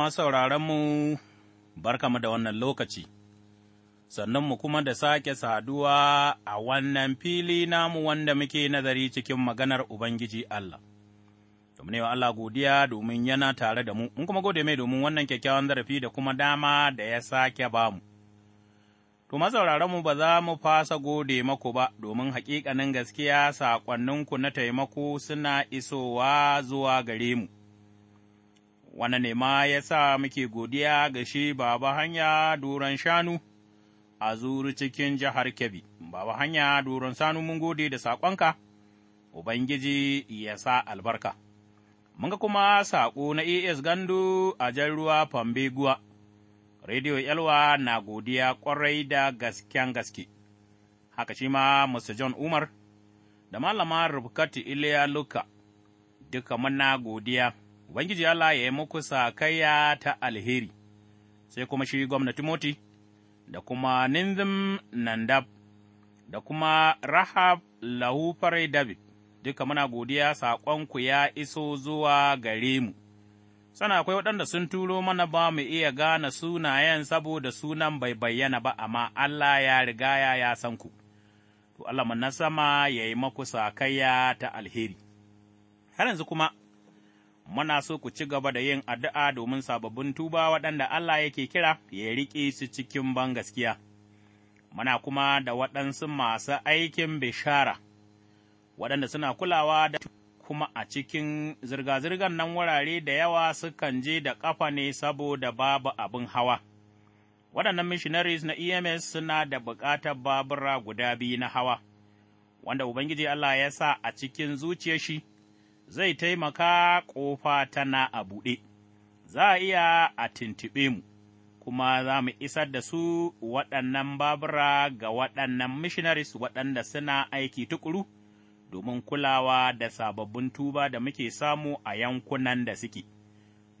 masu sauraronmu, mu da wannan lokaci, sannan mu kuma da sake saduwa a wannan fili namu wanda muke nazari cikin maganar Ubangiji Allah. Domin yawa Allah godiya domin yana tare da mu, mun kuma gode mai domin wannan kyakkyawan zarafi da kuma dama da ya sake mu, To, mu ba za mu fasa gode maku ba, domin haƙiƙanin gaskiya saƙonninku na taimako suna isowa zuwa gare mu. wani ne ma ya sa muke godiya ga shi Baba Hanya Doron Shanu a zuri cikin jihar Kebbi, Baba Hanya Doron Shanu mun gode da saƙonka, Ubangiji ya sa albarka. Mun ga kuma saƙo na AS Gandu a jan ruwa Fambeguwa, Rediyo Yalwa na godiya ƙwarai da gasken gaske, haka shi ma Mr. John Umar da Malama Rubkatu Iliya Luka, duka muna godiya. Ubangiji Allah ya yi muku sakayya ta alheri, sai kuma shi gwamna Timoti, da kuma Ninzim Nandab, da kuma Rahab Lahufare David, duka muna godiya saƙonku ya iso zuwa gare mu. Sana akwai waɗanda sun turo mana ba mu iya gane sunayen saboda sunan bai bayyana ba, amma Allah ya rigaya ya san ku. To, Allah na sama ya yi maku sakayya ta alheri. Har yanzu kuma. muna so ku ci gaba da yin addu'a domin sababbin tuba waɗanda Allah yake kira ya riƙe su cikin ban gaskiya. Muna kuma da waɗansu masu aikin bishara, waɗanda suna kulawa da kuma a cikin zirga-zirgar nan wurare da yawa sukan je da ƙafa ne saboda babu abin hawa. Waɗannan missionaries na EMS suna da buƙatar babura guda biyu na hawa, wanda Ubangiji Allah ya sa a cikin zuciyar shi. zai taimaka ƙofa tana a buɗe, za a iya a tintiɓe mu, kuma za mu isar da su waɗannan babura ga waɗannan missionaries waɗanda suna aiki tukuru domin kulawa da sababbin tuba da muke samu a yankunan da suke.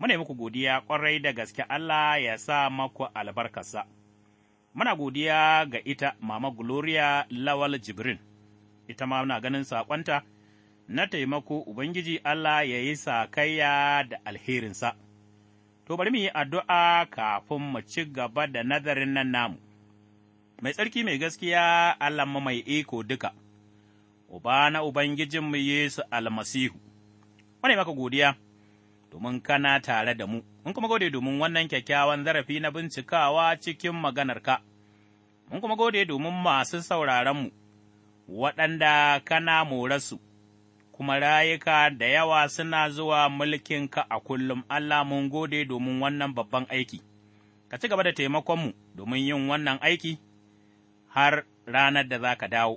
Muna muku godiya ƙwarai da gaske Allah ya sa maku albarkarsa. Muna godiya ga ita Mama Gloria Lawal Jibrin, ita ma muna ganin saƙonta. na taimako Ubangiji Allah ya yi sakayya da alherinsa. To, bari mu yi addu'a kafin mu ci gaba da nazarin nan namu, mai tsarki mai gaskiya Allahnmu mai iko duka, Uba na Ubangijinmu Yesu almasihu, wani maka godiya, domin kana tare da mu, mun kuma gode domin wannan kyakkyawan zarafi na bincikawa cikin maganarka, mun kuma gode domin masu sauraronmu, waɗanda kana morarsu. kuma rayuka da yawa suna zuwa mulkinka a kullum, Allah mun gode domin wannan babban aiki, ka ci gaba da taimakonmu domin yin wannan aiki har ranar da za ka dawo.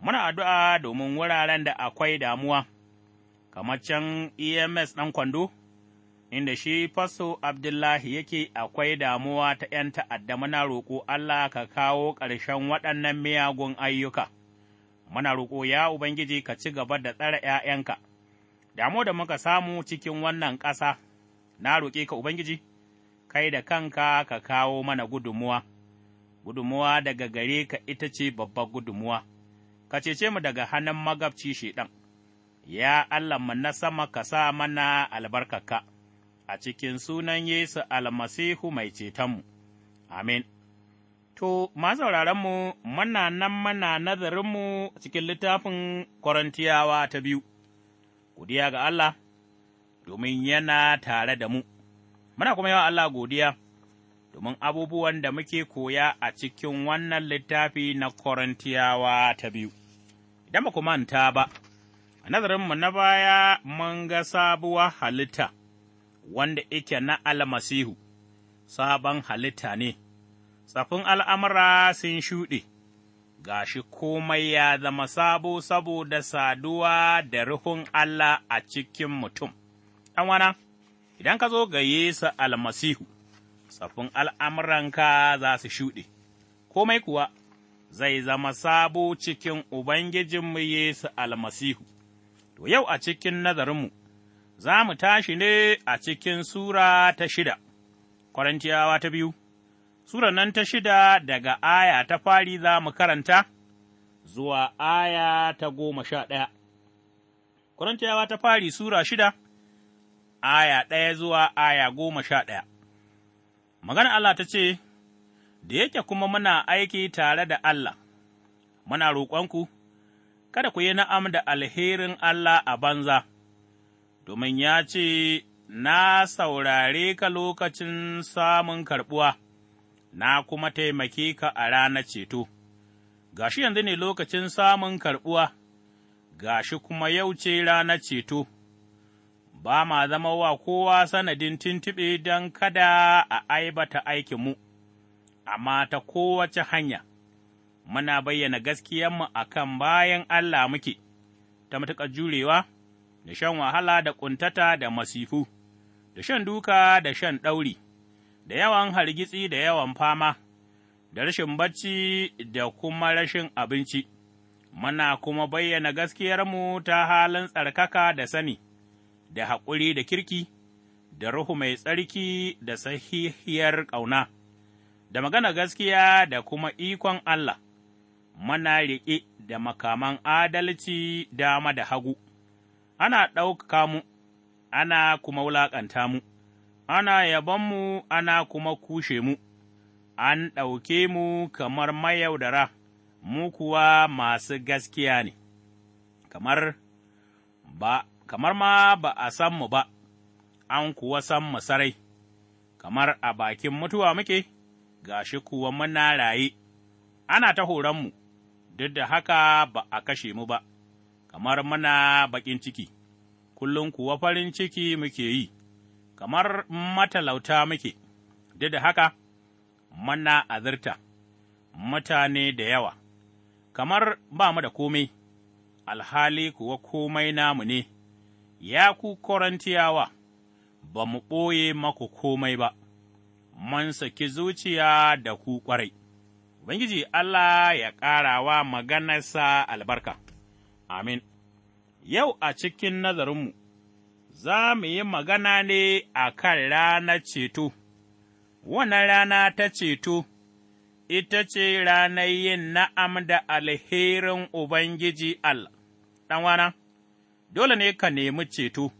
Muna addu'a domin wuraren da akwai damuwa, kamar can EMS ɗan kwando, inda shi faso Abdullahi yake akwai damuwa ta ’yan ta'adda muna roƙo Allah ka kawo ƙarshen waɗannan miyagun ayyuka. muna roƙo ya Ubangiji ka ci gaba da tsare ’ya'yanka, damu da muka samu cikin wannan ƙasa, na roƙe ka Ubangiji, kai da kanka ka kawo mana gudunmuwa, Gudunmawa daga gare ka ita ce babbar gudunmawa. ka cece mu daga hannun magabci shiɗan ya Allahnmu na sama ka sa mana albarkaka, a cikin sunan Yesu almasihu mai cetonmu, amin. To, mu mana nan mana nazarinmu cikin littafin Korintiyawa ta biyu, godiya ga Allah, domin yana tare da mu, muna kuma yawa Allah godiya, domin abubuwan da muke koya a cikin wannan littafi na Korintiyawa ta biyu. Idan ba manta ba, a nazarinmu na baya mun ga sabuwar halitta, wanda ike na almasihu, sabon halitta ne. tsafin al'amura sun shuɗe, ga shi komai ya zama sabo saboda saduwa da ruhun Allah a cikin mutum. Ɗanwana, idan ka zo ga Yesu almasihu, tsafin al'amuranka za su shuɗe, komai kuwa zai zama sabo cikin Ubangijinmu Yesu almasihu. To, yau a cikin nazarinmu, za mu tashi ne a cikin Sura ta shida, Korintiyawa ta biyu. Sura nan ta shida daga aya ta fari za mu karanta zuwa aya ta goma sha ɗaya. Korintiyawa ta fari Sura shida, aya ɗaya zuwa aya goma sha ɗaya. Magana Allah ta ce, Da yake kuma muna aiki tare da Allah, muna roƙonku, kada ku yi na'am da alherin Allah a banza, domin ya ce, Na saurare ka lokacin samun karɓuwa. na kuma taimake ka a ranar ceto, Ga shi yanzu ne lokacin samun karɓuwa, shi kuma yau ce ranar ceto, ba ma zama wa kowa sanadin tuntuɓe don kada a aibata aikinmu, amma ta kowace hanya, muna bayyana gaskiyanmu a kan bayan Allah muke, ta matuƙar jurewa, da shan wahala da ƙuntata da masifu, da shan duka da shan ɗauri. da yawan hargitsi da yawan fama, da rashin bacci da kuma rashin abinci, muna kuma bayyana gaskiyarmu ta halin tsarkaka da sani, da haƙuri da kirki, da ruhu mai tsarki da sahihiyar ƙauna, da magana gaskiya da kuma ikon Allah, muna riƙe da makaman adalci dama da hagu, ana ɗaukaka mu, ana kuma wulaƙanta mu. ana yabon mu, ana kuma kushe mu, an ɗauke mu kamar mayaudara, mu kuwa masu gaskiya ne, kamar ba, kamar ma ba a san mu ba, an kuwa san mu sarai, kamar a bakin mutuwa muke, gashi kuwa muna raye, ana ta mu, duk da haka ba a kashe mu ba, kamar muna baƙin ciki, kullum kuwa farin ciki muke yi. kamar matalauta muke, duk da haka, mana azurta, mutane da yawa, kamar ba mu da komai, alhali kuwa komai namu ne, ya ku korantiyawa, ba mu ɓoye maku komai ba, mun saki zuciya da ku ƙwarai. Ubangiji Allah ya ƙara wa maganarsa albarka, amin. Yau a cikin nazarinmu, za mu yi magana ne a kan rana ceto, wannan rana ta ceto, ita ce ranar yin na'am da alherin Ubangiji Allah, ɗanwana, dole ne ka nemi ceto,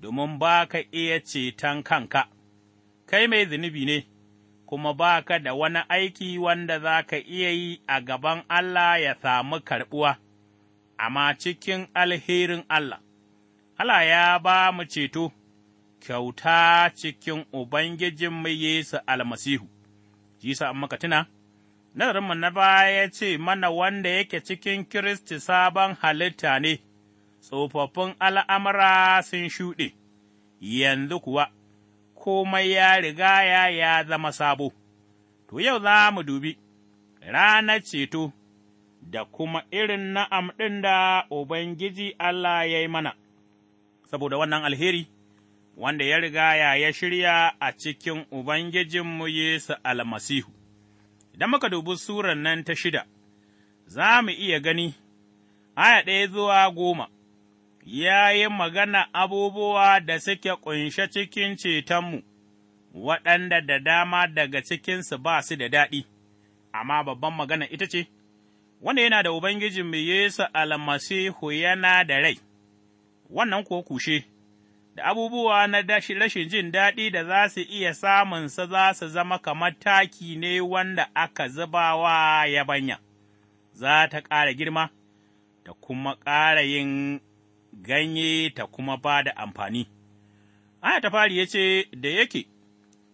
domin ba ka iya ceton kanka, kai mai zunubi ne. kuma ba ka da wani aiki wanda za ka iya yi a gaban Allah ya samu karɓuwa, amma cikin alherin Allah, Allah ya ba mu ceto, kyauta cikin Ubangijin mai Yesu almasihu, jisa in tuna, nazarinmu na baya ce mana wanda yake cikin Kiristi sabon halitta ne, tsofaffin al'amura sun shuɗe, yanzu kuwa, komai ya riga ya ya zama sabo. To, yau za mu dubi rana ceto da kuma irin na'am ɗin da Ubangiji Allah ya yi mana. saboda wannan alheri wanda ya riga ya ya shirya a cikin Ubangijinmu Yesu almasihu. Idan muka dubi surar nan ta shida, za mu iya gani, aya ɗaya zuwa goma, ya yi magana abubuwa da suke ƙunshe cikin cetonmu, waɗanda da dama daga cikinsu ba su da daɗi, amma babban magana ita ce, wanda yana da Ubangijinmu Yesu almasihu yana da rai. wannan ko kushe, da abubuwa na rashin jin daɗi da za su iya samunsa za su zama kamar taki ne wanda aka zubawa yabanya, za ta ƙara girma, ta kuma ƙara yin ganye ta kuma ba da amfani. Aya ta fari ya ce, Da yake,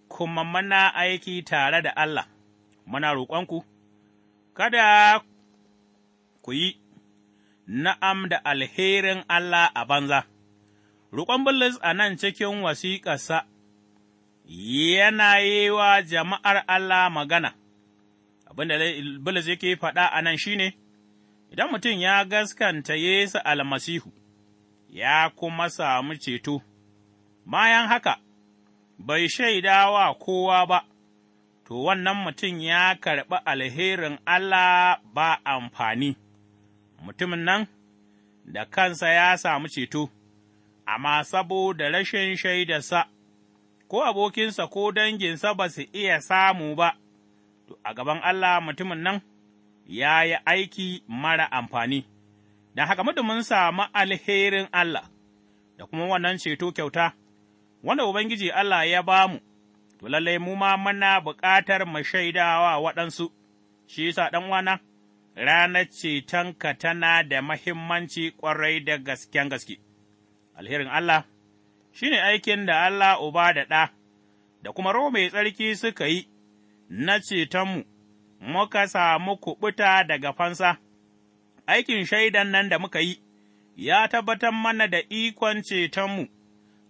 kuma mana aiki tare da Allah, muna roƙonku, kada ku yi na'am da alherin Allah a banza. Rukon Bulus a nan cikin wasiƙarsa yana yi wa jama'ar Allah magana, abin da Bulus yake faɗa a nan shi ne, idan mutum ya gaskanta Yesu almasihu, ya kuma samu ceto, bayan haka, bai shaida wa kowa ba. to wannan mutum ya karɓi alherin Allah ba amfani, mutumin nan da kansa ya samu ceto, amma saboda rashin shaidarsa, ko abokinsa ko danginsa ba su iya samu ba, to a gaban Allah mutumin nan ya yi aiki mara amfani, don haka mun samu alherin Allah da kuma wannan ceto kyauta, wanda Ubangiji Allah ya ba mu, to lallai mu ma muna bukatar mu shaidawa waɗansu, shi yasa ɗan wana. ranar cetonka tana da mahimmanci ƙwarai da gasken gaske. Alherin Allah shi ne aikin da Allah Uba da ɗa, da kuma roho mai tsarki suka yi na cetonmu, muka samu kuɓuta daga fansa, aikin shaidan nan da muka yi, ya tabbatar mana da ikon cetonmu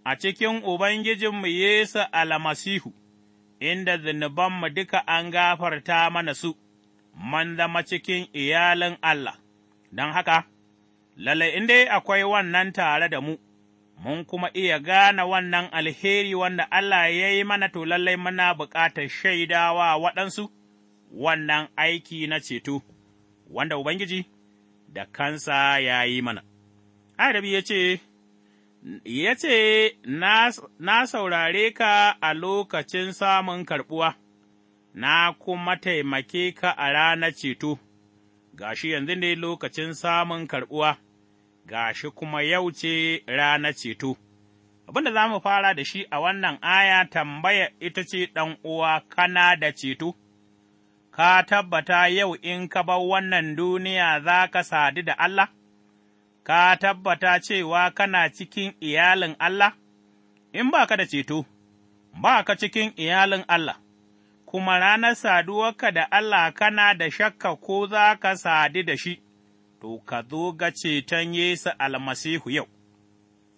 a cikin Ubangijinmu Yesu almasihu, inda zunubanmu duka an gafarta mana su. man zama cikin iyalin Allah, don haka, lallai in dai akwai wannan tare da mu, mun kuma iya gane wannan alheri wanda Allah ya yi mana to lallai muna bukatar shaidawa waɗansu wannan aiki na ceto, wanda Ubangiji da kansa ya yi mana. Adabi ya ce, Ya ce, Na saurare ka a lokacin samun karɓuwa. na kuma taimake ka a ranar ceto, ga shi yanzu ne lokacin samun karɓuwa, ga shi kuma yau ce ranar ceto. Abin da za mu fara da shi a wannan aya tambaya ita ce ɗan uwa kana da ceto, ka tabbata yau in ka bar wannan duniya za ka sadu da Allah? Ka tabbata cewa kana cikin iyalin Allah? In ba ka da ceto, ba ka cikin iyalin Allah. kuma ranar saduwarka da Allah kana da shakka ko za ka sadu da shi, to ka zo ga ceton Yesu almasihu yau,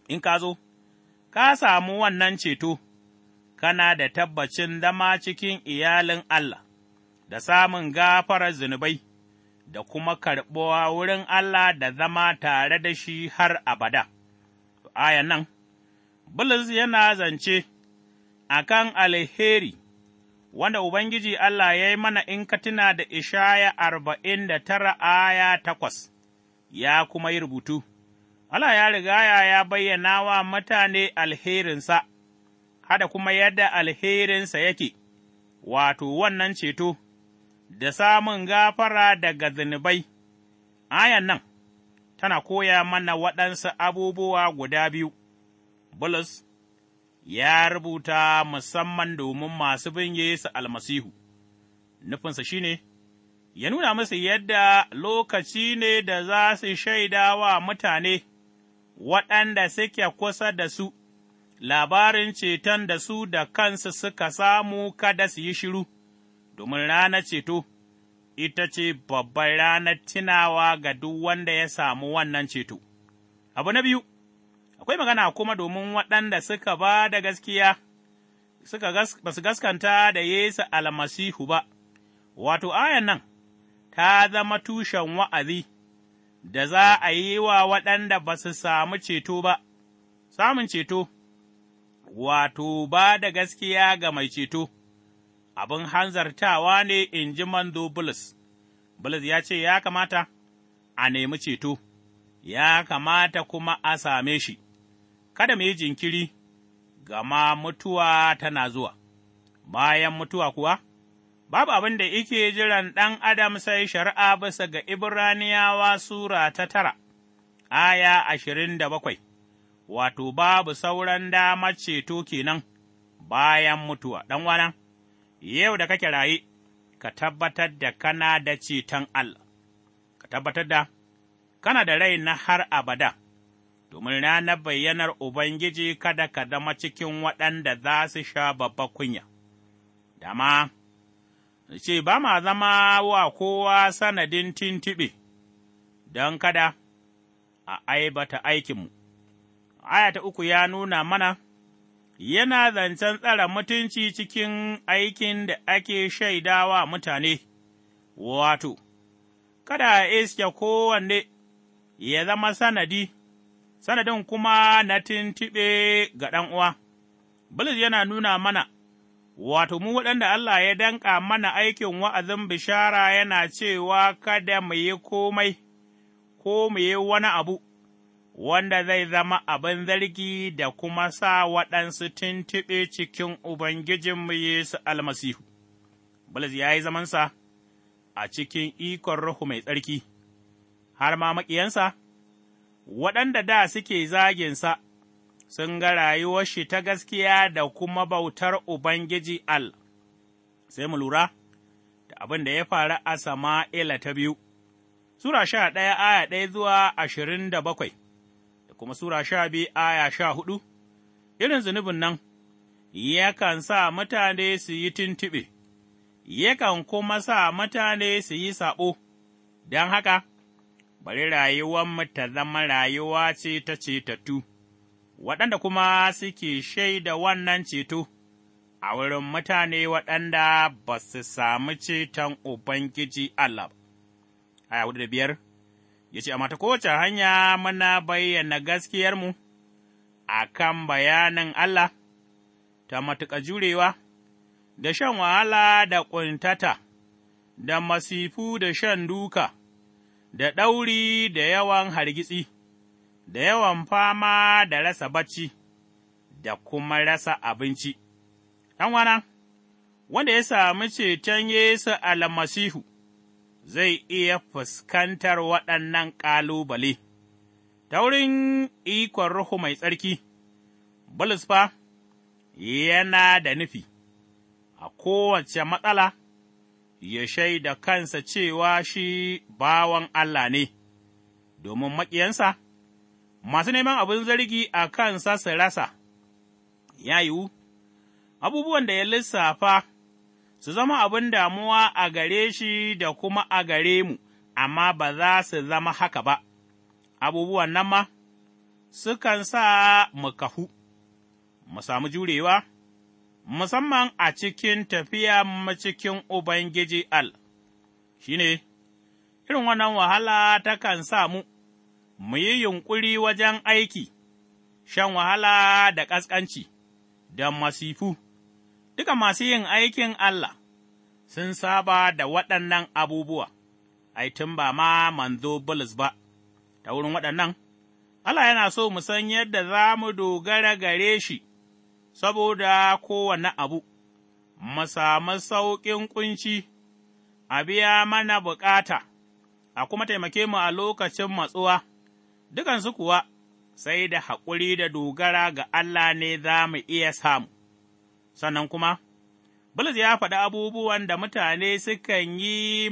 in ka zo, ka samu wannan ceto, kana da tabbacin zama cikin iyalin Allah, da samun gafarar zunubai, da kuma karɓuwa wurin Allah da zama tare da shi har abada. Ayan nan, Bulus yana zance a kan alheri. wanda Ubangiji Allah ya yi mana in ka tuna da Ishaya arba'in da tara aya takwas, ya kuma yi rubutu. Allah ya rigaya ya bayyana wa mutane alherinsa, hada kuma yadda alherinsa yake, wato wannan ceto, da samun gafara daga zunubai. Ayan nan tana koya mana waɗansu abubuwa guda biyu, Bulus ya rubuta musamman domin masu bin Yesu almasihu, nufinsa shi ne, ya nuna musu yadda lokaci ne da za su shaida wa mutane waɗanda suke kusa da su, labarin ceton da su da kansu suka samu kada su yi shiru, domin ranar ceto. ita ce babbar ranar tunawa ga duk wanda ya samu wannan ceto. Abu na biyu, akwai magana kuma domin waɗanda suka ba da gaskiya, suka ba su gaskanta da Yesu almasihu ba, wato, ayan nan ta zama tushen wa'azi da za a yi wa waɗanda ba su samu ceto ba, samun ceto, wato, ba da gaskiya ga mai ceto, abin hanzartawa ne in ji manzo Bulus. Bulus ya ce, Ya kamata a nemi ceto, ya kamata kuma a same shi. kada mu yi jinkiri, gama mutuwa tana zuwa, bayan mutuwa kuwa, babu abin da ike jiran ɗan Adam sai shari'a bisa ga Ibraniyawa Sura ta tara, aya ashirin da bakwai, wato, babu sauran damar ceto kenan bayan mutuwa, ɗan wana, yau da kake raye, ka tabbatar da kana da ceton Allah, ka tabbatar da kana da rai na har abada. domin ranar bayyanar Ubangiji kada ka zama cikin waɗanda za su sha babba kunya. Dama, ce ba ma zama wa kowa sanadin tintiɓe, don kada a aibata aikinmu. Aya ta uku ya nuna mana, yana zancen tsara mutunci cikin aikin da ake shaidawa mutane, wato, kada a iske kowanne ya zama sanadi. sanadin kuma na tintiɓe ga ɗan uwa. Bulus yana nuna mana, wato, mu waɗanda Allah ya danƙa mana aikin wa'azin bishara yana cewa kada mu yi komai, ko mu yi wani abu, wanda zai zama abin zargi da kuma sa waɗansu tintiɓe cikin Ubangijinmu Yesu almasihu. Bulus ya yi zamansa a cikin ikon Ruhu mai tsarki, har ma maƙiyansa waɗanda da suke zaginsa, sun ga rayuwar shi ta gaskiya da kuma bautar Ubangiji Al, sai mu lura da abin da ya faru a Sama'ila ta biyu, Sura sha ɗaya aya ɗaya zuwa ashirin da bakwai, da kuma Sura sha biyu aya sha hudu, irin zunubin nan yakan sa mutane su yi tuntuɓe, yakan kuma sa mutane su yi saɓo, don haka. bari rayuwanmu ta zama rayuwa ce ta cetatu, waɗanda kuma suke shaida wannan ceto a wurin mutane waɗanda ba su sami ceton Ubangiji Allah ba. Aya da biyar, ya ce, Amma ta kowace hanya muna bayyana gaskiyarmu a kan bayanin Allah ta matuƙa jurewa, da shan wahala da ƙuntata, da masifu da shan duka. da ɗauri da yawan hargitsi, da yawan fama da rasa bacci, da kuma rasa abinci. wana wanda ya sami ceton Yesu almasihu zai iya fuskantar waɗannan ƙalubale, ta wurin ikon Ruhu mai tsarki, Bulus fa yana da nufi a kowace matsala. ya shaida kansa cewa shi bawan Allah ne, domin maƙiyansa, masu neman abin zargi a kansa su rasa, ya yiwu, abubuwan da ya lissafa su zama abin damuwa a gare shi da kuma a gare mu, amma ba za su zama haka ba, abubuwan nan ma sukan sa mu kahu, mu samu jurewa. musamman a cikin tafiya macikin Ubangiji Al, shi ne, irin wannan wahala takan sa mu, mu yi yunƙuri wajen aiki, shan wahala da ƙasƙanci, da masifu, duka masu yin aikin Allah sun saba da waɗannan abubuwa, ai, ba ma manzo Bulus ba, ta wurin waɗannan, Allah yana so mu san yadda za mu dogara gare shi. saboda kowane abu, mu samu sauƙin ƙunci, a biya mana bukata, a kuma taimake mu a lokacin matsuwa, dukansu kuwa sai da haƙuri da dogara ga Allah ne za mu iya samu. Sannan kuma, Bulus ya faɗi abubuwan da mutane sukan yi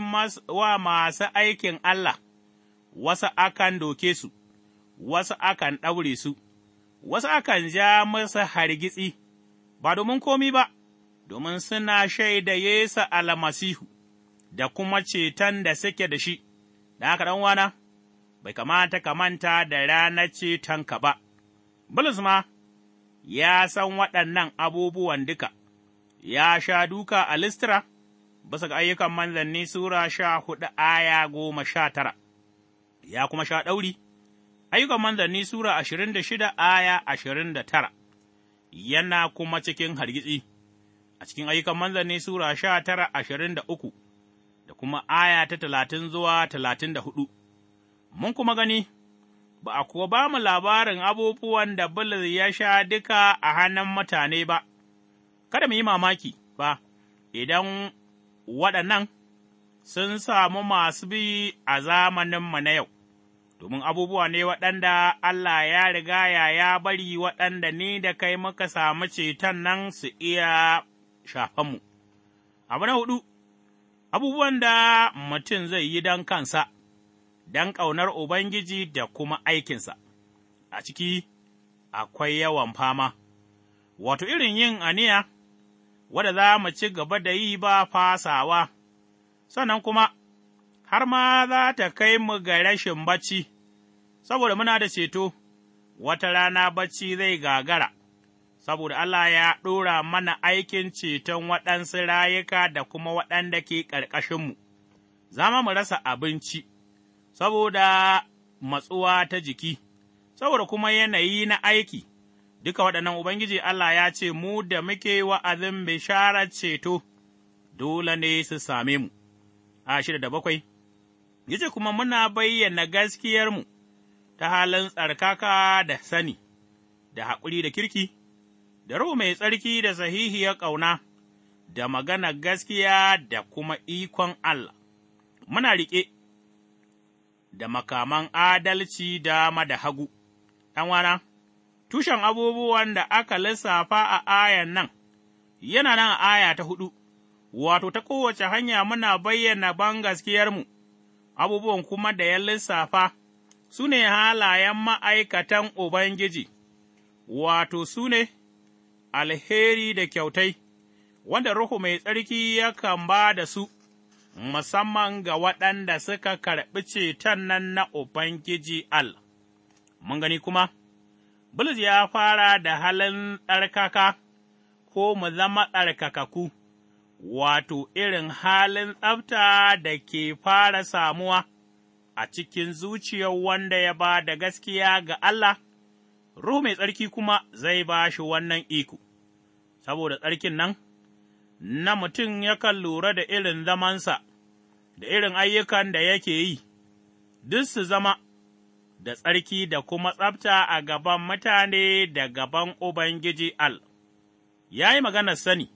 wa masu aikin Allah, wasu akan doke su, wasu akan ɗaure su. wasu akan ja masa hargitsi, ba domin komi ba, domin suna shaida Yesu almasihu da kuma ceton da suke da shi, da haka wana, bai kamata ka manta da ranar cetonka ba. Bulus ma ya san waɗannan abubuwan duka, ya sha duka a listira, bisa ga ayyukan manzanni Sura sha hudu aya goma sha tara, ya kuma sha ɗauri. Ayyukan manzanni Sura ashirin da shida aya ashirin da tara, yana kuma cikin hargitsi, a cikin ayyukan manzanni Sura sha tara ashirin da uku, da kuma aya ta talatin zuwa talatin da hudu. Mun kuma gani, ba a kuwa ba mu labarin abubuwan da Bulus ya sha duka a hannun mutane ba, kada mu yi mamaki ba, idan waɗannan sun samu masu bi a zamaninmu na yau. domin abubuwa ne waɗanda Allah ya riga ya ya bari waɗanda ni da kai muka samu ceton nan su iya shafanmu. Abu na hudu, abubuwan da mutum zai yi don kansa, don ƙaunar Ubangiji da kuma aikinsa, a ciki akwai yawan fama, wato irin yin aniya, wadda za mu ci gaba da yi ba fasawa, sannan kuma har ma za ta kai mu ga rashin bacci, saboda muna da ceto, wata rana bacci zai gagara, saboda Allah ya ɗora mana aikin ceton waɗansu rayuka da kuma waɗanda ke ƙarƙashinmu, zama mu rasa abinci, saboda matsuwa ta jiki, saboda kuma yanayi na aiki. Duka waɗannan Ubangiji Allah ya ce, Mu da muke wa'azin bisharar ceto, dole ne su same mu. A shida da bakwai. yace kuma muna bayyana gaskiyarmu ta halin tsarkaka da sani, da haƙuri da kirki, da ruhu mai tsarki da sahihiyar ƙauna, da magana gaskiya da kuma ikon Allah, muna riƙe da makaman adalci dama da hagu, ɗanwana, tushen abubuwan da aka lissafa a ayan nan, yana nan a aya ta huɗu, wato ta kowace hanya muna bayyana ban gaskiyarmu. abubuwan kuma da ya lissafa su ne halayen ma'aikatan Ubangiji, wato su ne alheri da kyautai, wanda Ruhu Mai Tsarki yakan ba da su, musamman ga waɗanda suka karɓi ceton nan na Ubangiji Al. Mun gani kuma, Bulus ya fara da halin ɗarkaka ko mu zama ɗarkakaku. wato irin halin tsabta da ke fara samuwa a cikin zuciyar wanda ya ba da gaskiya ga Allah, Ruhu mai tsarki kuma zai ba shi wannan iko, saboda tsarkin nan, na mutum yakan lura da irin zamansa, da irin ayyukan da yake yi, duk su zama da tsarki da kuma tsabta a gaban mutane da gaban Ubangiji Al, ya yi maganar sani.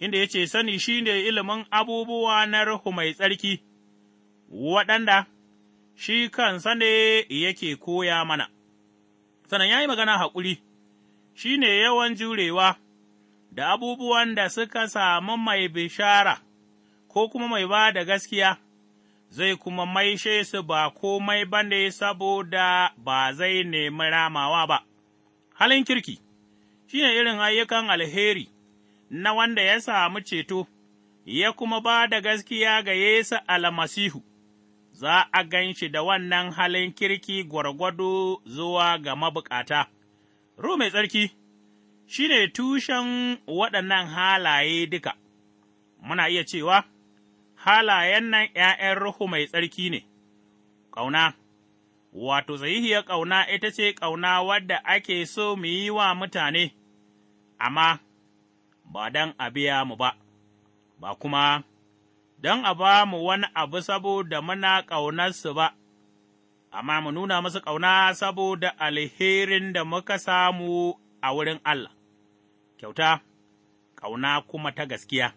inda ya ce, Sani shi ne ilimin abubuwa na Ruhu mai tsarki, waɗanda shi kansa ne yake koya mana. Sannan ya yi magana haƙuri, shi ne yawan jurewa da abubuwan da suka samu mai bishara ko kuma mai ba da gaskiya, zai kuma maishe su ba komai ba ne saboda ba zai nemi ramawa ba. Halin kirki shi ne irin ayyukan alheri na wanda ya samu ceto, ya kuma ba da gaskiya ga Yesu almasihu, za a gan shi da wannan halin kirki gwargwado zuwa ga mabukata. Ruhu mai tsarki shi ne tushen waɗannan halaye duka, muna iya cewa, halayen nan ’ya'yan Ruhu mai tsarki ne, ƙauna. wato zaihiyar ƙauna ita ce ƙauna wadda ake so mu yi wa mutane, amma ba don a biya mu ba, ba kuma don a ba mu wani abu saboda muna ƙaunarsu ba, amma mu nuna musu ƙauna saboda alherin da muka samu a wurin Allah, kyauta, ƙauna kuma ta gaskiya,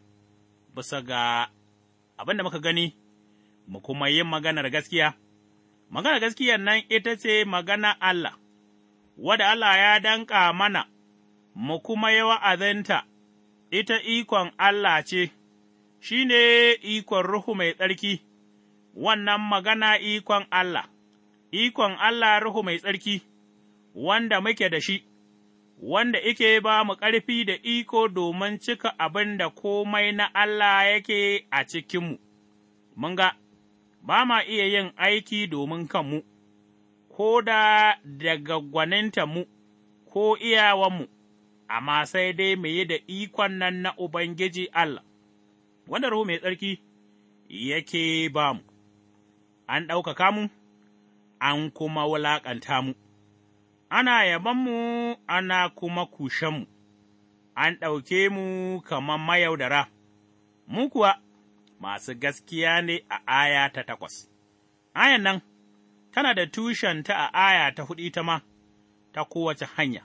bisa ga abin da muka gani, mu kuma yin maganar gaskiya. Maganar gaskiya nan ita ce magana Allah, wadda Allah ya danƙa mana, mu kuma yi wa'azinta ita ikon Allah ce, shi ne ikon Ruhu mai tsarki, wannan magana ikon Allah, ikon Allah Ruhu mai tsarki, wanda muke da shi, wanda ike ba mu ƙarfi da iko domin cika abin da komai na Allah yake a cikinmu, mun ga, ba ma iya yin aiki domin kanmu, ko da daga gwaninta mu, ko iyawanmu. amma sai dai mu yi da ikon nan na Ubangiji Allah, wanda Ruhu mai tsarki yake ba mu, an ɗaukaka mu, an kuma wulaƙanta mu, ana mu ana kuma mu an ɗauke mu kamar mayaudara, mu kuwa masu gaskiya ne a aya ta takwas. Ayan nan tana da tushenta a aya ta huɗu ta ma, ta kowace hanya.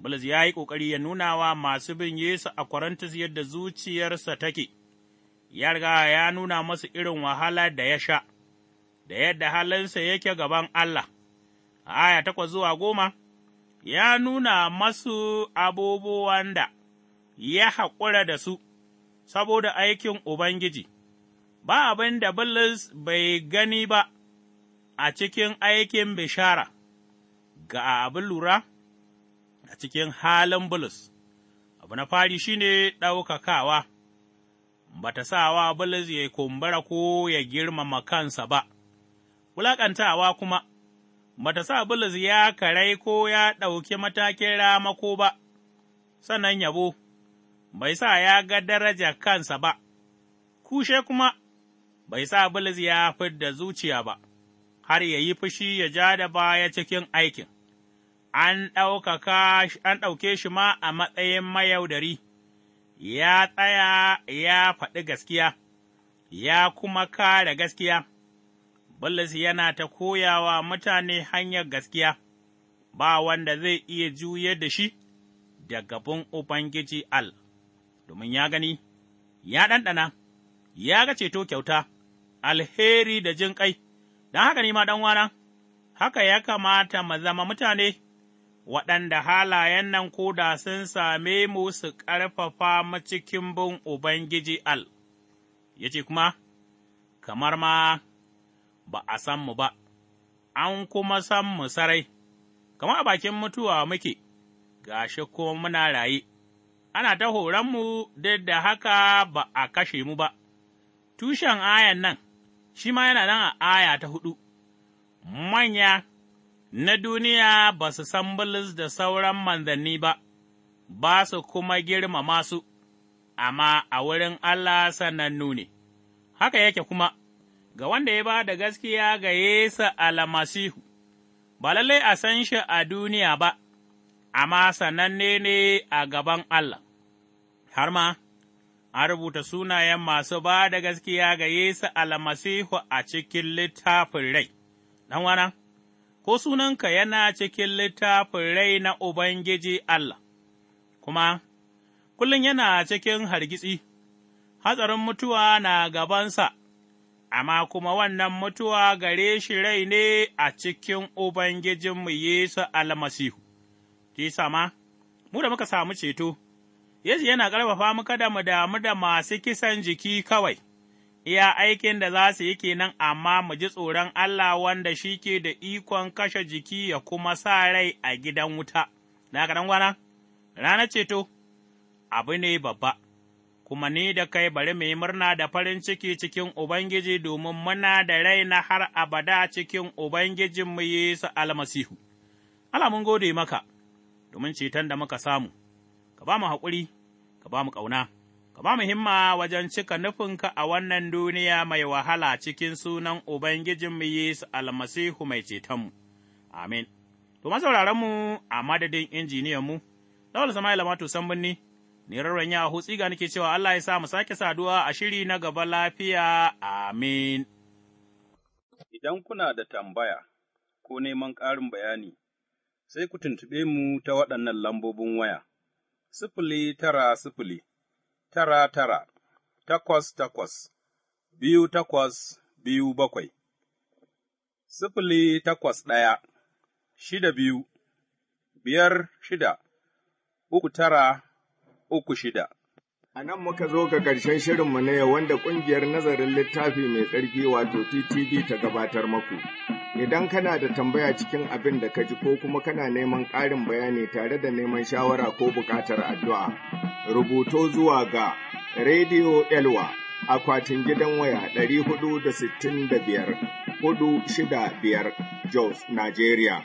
Bulus ya yi ƙoƙari ya nuna wa masu bin Yesu a Korintus yadda zuciyarsa take, ya riga ya nuna masu irin wahala da ya sha, da yadda halinsa yake gaban Allah. A aya takwas zuwa goma, ya nuna masu abubuwan da ya haƙura da su saboda aikin Ubangiji, ba abin da Bulus bai gani ba a cikin aikin bishara, ga abin lura. a cikin halin Bulus, abu na fari shi ne ɗaukakawa, ba ta sa wa Bulus ya kumbura ko ya girmama kansa ba, wulaƙantawa kuma, ba ta sa Bulus ya karai ko ya ɗauki matakin ramako ba, sannan yabo, bai sa ya ga daraja kansa ba, kushe kuma bai sa Bulus ya da zuciya ba, har ya yi fushi ya ja da baya cikin aikin. an ɗauke shi ma a matsayin mayaudari, ya tsaya ya faɗi gaskiya, ya kuma kare gaskiya. Bulus yana ta koyawa mutane hanyar gaskiya, ba wanda zai iya juye da shi daga bin Ubangiji Al, domin ya gani, ya ɗanɗana, ya ga ceto kyauta, alheri da jin ƙai, don haka ni ma wana?' haka ya kamata mu zama mutane. waɗanda halayen nan ko da sun same mu su ƙarfafa macikin bin Ubangiji Al, ya ce kuma, kamar ma ba a san mu ba, an kuma san mu sarai, kamar a bakin mutuwa muke, gashi kuma muna raye, ana ta horonmu duk da haka ba a kashe mu ba. Tushen ayan nan, shi ma yana nan a aya ta hudu manya na duniya ba su san Bulus da sauran manzanni ba, ba su kuma girmama su, amma a wurin Allah sanannu ne, haka yake kuma, ga wanda ya ba da gaskiya ga Yesu almasihu, ba lallai a san shi a duniya ba, amma sananne ne a gaban Allah, har ma, a rubuta sunayen masu ba da gaskiya ga Yesu almasihu a cikin littafin rai, ɗan wana, ko sunanka yana cikin littafin rai na Ubangiji Allah, kuma kullum yana cikin hargitsi, hatsarin mutuwa na gabansa, amma kuma wannan mutuwa gare shi rai ne a cikin Ubangijinmu Yesu almasihu, ki sama, mu da muka samu ceto, Yesu yana ƙarfafa mu kada mu damu da masu kisan jiki kawai. iya aikin da za su yi kenan, amma mu ji tsoron Allah wanda shi ke da ikon kashe jiki ya kuma sa rai a gidan wuta. Na ka gwana, ranar ceto, abu ne babba, kuma ni da kai bari mai murna da farin ciki cikin Ubangiji domin muna da rai na har abada cikin Ubangijinmu Yesu almasihu. Allah mun gode maka, domin ceton da muka samu, ka ba mu haƙuri, ka ba mu ƙauna. ka ba mu wajen cika nufinka a wannan duniya mai wahala cikin sunan Ubangijinmu Yesu almasihu mai cetonmu. Amin. To, mu a madadin injiniyanmu, Lawal Sama'ila Mato Sambunni, ni rarren ya hutsi ga nake cewa Allah ya sa mu sake saduwa a shiri na gaba lafiya. Amin. Idan kuna da tambaya ko neman ƙarin bayani, sai ku tuntuɓe mu ta waɗannan lambobin waya, sifili tara sifili. tara tara, takwas takwas, biyu takwas biyu bakwai, sifili takwas ɗaya, shida biyu, biyar shida, uku tara, uku shida. A nan muka zo ga ƙarshen shirinmu na yau wanda ƙungiyar nazarin littafi mai tsarki wato TTV ta gabatar maku. Idan kana da tambaya cikin abin da ka ji ko kuma kana neman ƙarin bayani tare da neman shawara ko buƙatar addu'a, rubuto zuwa ga Radio Elwa akwatin gidan waya ɗari da da sittin biyar shida biyar Jos, Najeriya.